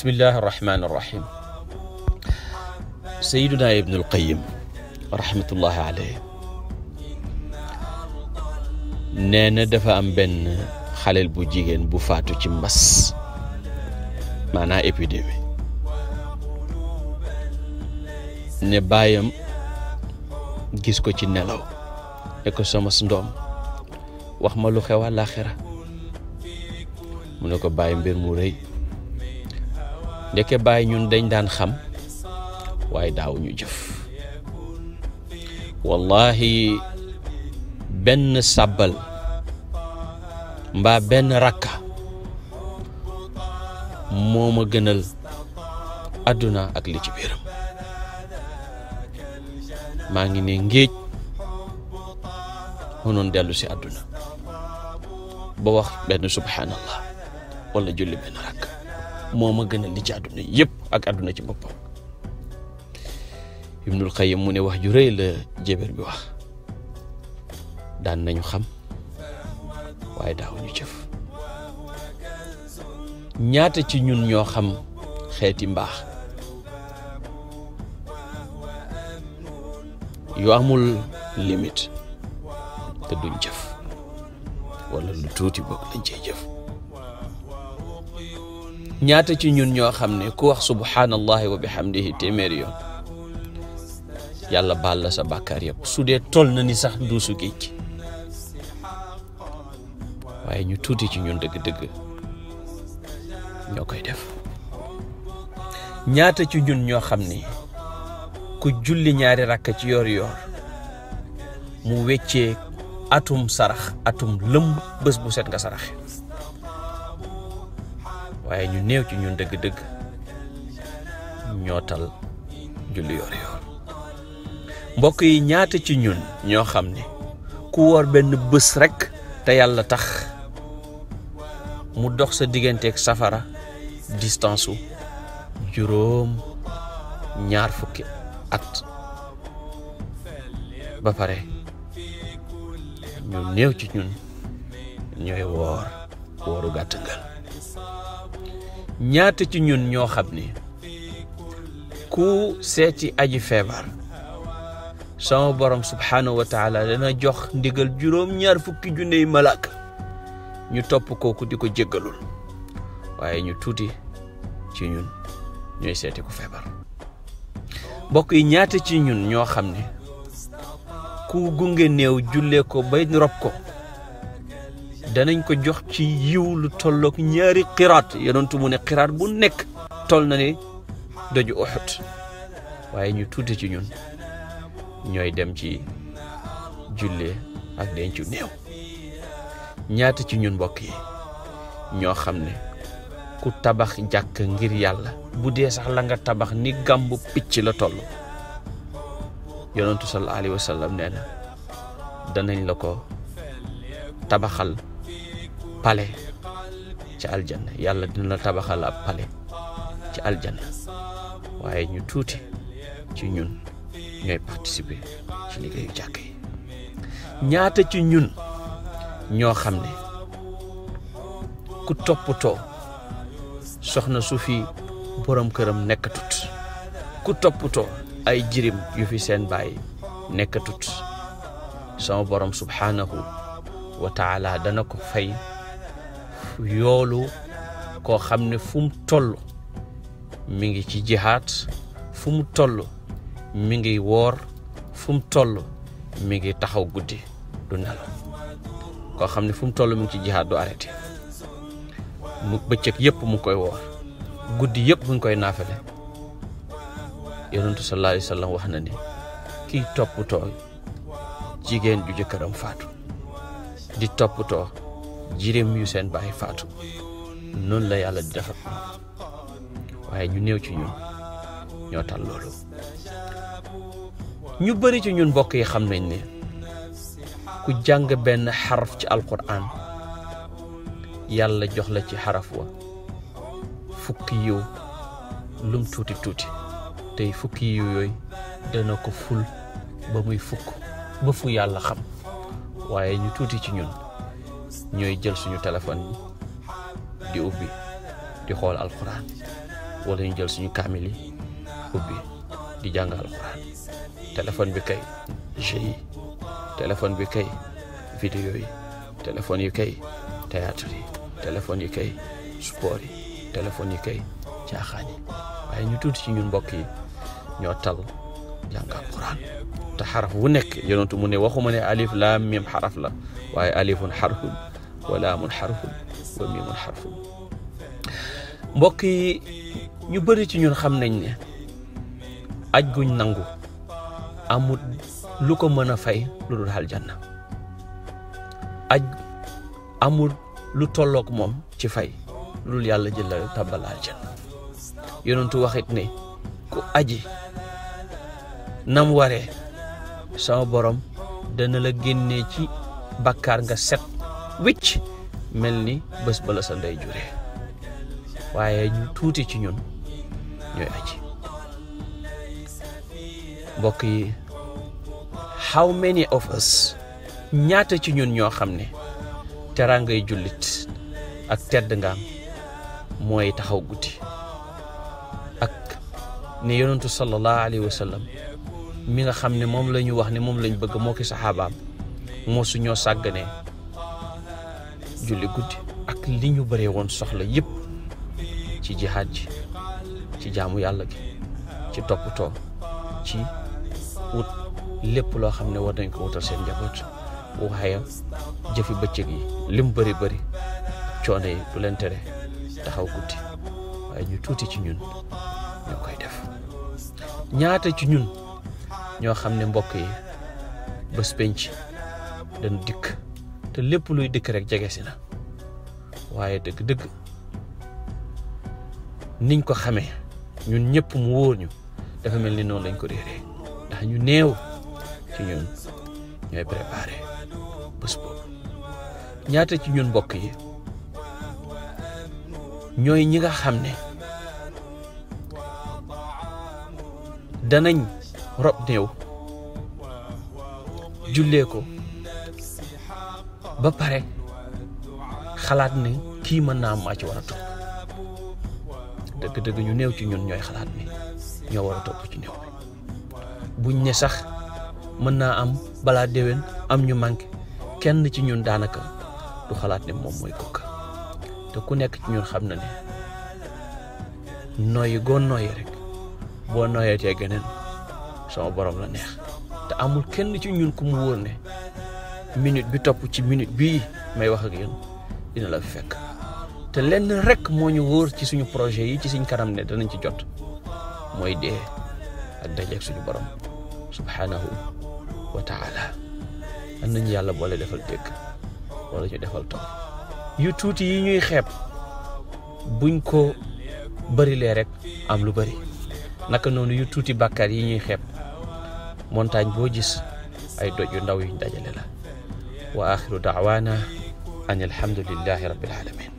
bismillahi irrahmani irrahim sayiduna ibnul qayim rahmatullahi alayhi nee na dafa am benn xaleel bu jigéen bu faatu ci mbas maanaam épidémie ne baayam gis ko ci nelaw ne ko sama ndoom wax ma lu xew àllaaxira mu ne ko bàyyi mbir mu rëy ndeke bàyyi ñun dañ daan xam waaye daaw ñu jëf wallahi benn sàbbal mbaa benn rakka moo ma gënal àdduna ak li ci maa ngi ne ngéej mënoon dellu si àdduna ba wax benn subhanallah wala julli benn rakk moom ma gënal li ci àdduna yëpp ak àdduna ci boppam Ibnul Qayyim mu ne wax ju rëy la jéber bi wax daan nañu xam waaye daawuñu jëf ñaata ci ñun ñoo xam xeeti mbaax yu amul limite te duñ jëf wala lu tuuti bokk lañ cey jëf ñaata ci ñun ñoo xam ne ku wax subhaanallahi wa bihamdihi téeméer yoon yàlla baal sa bàkkaar yëpp su dee toll na ni sax duusu géej waaye ñu tuuti ci ñun dëgg-dëgg ñoo koy def ñaata ci ñun ñoo xam ne ku julli ñaari rakk ci yoor-yoor mu weccee atum sarax atum lëmb bés bu set nga saraxe waaye ñu néew ci ñun dëgg-dëgg ñootal tal julli mbokk yi ñaata ci ñun ñoo xam ne ku woor benn bés rekk te yàlla tax mu dox sa digganteek safara distansu su juróom ñaar fukki at ba pare ñu néew ci ñun ñooy woor wooru gàtt ngal ñaata ci ñun ñoo xam ni ku seeti aji feebar sama borom subhaanahu wa dana jox ndigal juróom ñaar fukki junney malaaka ñu topp kooku di ko jéggalul waaye ñu tuuti ci ñun ñooy seeti ku feebar mbokk yi ñaata ci ñun ñoo xam ne ku gunge néew jullee ko bay rob ko danañ ko jox ci yiw lu tollook ñaari xiraat yonentu mu ne xiraat bu nekk toll na ne doju Uhud waaye ñu tuute ci ñun ñooy dem ci jullee ak dencu néew ñaata ci ñun mbokk yi ñoo xam ne ku tabax jàkk ngir yàlla bu dee sax la nga tabax ni gàmbu picc la toll yonentu sallallahu alayhi wa nee na danañ la ko tabaxal pale ci aljanna yàlla dina la tabaxal ab pale ci aljanna waaye ñu tuuti ci ñun ñooy participer ci liggéeyu jàkk ñaata ci ñun ñoo xam ne ku toppatoo soxna su fi borom këram nekkatut ku toppatoo ay jirim yu fi seen baay nekkatut sama borom subhaanahu wa dana ko fay yoolu koo xam ne fu mu mi ngi ci jihaat fu mu toll mi ngi woor fu mu toll mi ngi taxaw guddi du nelaw koo xam ne fu mu toll mi ngi ci jihaat du arrêté mu bëccëg yëpp mu ngi koy woor guddi yëpp mu ngi koy naafale yonentu sallallahu alayhi wa wax na ni kiy toppatoo jigéen ju jëkkëram faatu di toppatoo jirim yu seen baay faatu noonu la yàlla di defar waaye ñu néew ci ñun ñoo tal loolu ñu bëri ci ñun mbokk yi xam nañ ne ku jàng benn xaraf ci alquran yàlla jox la ci xaraf wa fukki yiw lum tuuti tuuti tey fukki yiw yooyu dana ko ful ba muy fukk ba fu yàlla xam waaye ñu tuuti ci ñun ñooy jël suñu téléphone yi di ubbi di xool alxuraan wala ñu jël suñu kaamil yi ubbi di jàng alxuraan téléphone bi kay jeux yi téléphone bi kay vidéo yi téléphone yi kay théâtre yi téléphone yi kay sport yi téléphone yi kay caaxaan yi waaye ñu tuuti ci ñun mbokk yi ñoo tal jàng alquran te xaraf wu nekk yonentu mu ne waxuma ne alif laam mim xaraf la waaye alifun xarfun wa laamun xarfun wa mimun xarfun mbokk yi ñu bari ci ñun xam nañ ne aj guñ nangu amut lu ko mën a fay lu dul aljanna aj amul lu tollook moom ci fay lu dul yàlla jël la tàbbal aljanna yonentu waxit ne ku aji nam waree sama borom dana la génnee ci bakkaar nga set wicc mel ni bés bala la sa ndey waaye tuuti ci ñun ñooy aji mbokk yi how many of us ñaata ci ñun ñoo xam ne teraangay jullit ak tedd ngaam mooy taxaw guddi ak ne yonentu sallallahu alayhi wa mi nga xam ne moom la ñu wax ne moom lañ bëgg moo ki saxaabaam moo su ñoo sàgganee julli guddi ak li ñu bëree woon soxla yëpp ci jihaad ji ci jaamu yàlla gi ci toppatoo ci wut lépp loo xam ne war nañ ko wutal seen njaboot waaye jëfi bëccëg yi lim bëri bari coono yi du leen tere taxaw guddi waaye ñu tuuti ci ñun ñoo koy def ñaata ci ñun ñoo xam ne mbokk yi bés penc dañu dikk te lépp luy dikk rek jege si na waaye dëgg-dëgg niñ ko xamee ñun ñëpp mu wóor ñu dafa mel ni noonu lañ ko réeree ndax ñu néew ci ñun ñooy préparé bés boobu ñaata ci ñun mbokk yi ñooy ñi nga xam ne danañ. rob néew jullee ko ba pare xalaat ne kii mën naa am maa ci war a topp dëgg-dëgg ñu néew ci ñun ñooy xalaat ni ñoo war ci néew bi buñ sax mën naa am balaa déwén am ñu manqué kenn ci ñun daanaka du xalaat ne moom mooy kooka te ku nekk ci ñun xam na ne noyyi goo noyyi rek boo noyyee tee geneen sama borom la neex te amul kenn ci ñun ku mu wóor ne minute bi topp ci minute bii may wax ak yéen dina la fekk te lenn rek moo ñu wóor ci suñu projet yi ci suñ kanam ne danañ ci jot mooy dee ak dajeeg suñu borom subhanahu wa taala am yàlla boole defal dégg wala ñu defal topp yu tuuti yi ñuy xeeb buñ ko bërilee rek am lu bëri naka noonu yu tuuti bàkkaar yi ñuy xeeb montagne boo gis ay doj yu ndaw yuñ dajale la wa axiru daawaana an alhamdulillahi rabbil alamin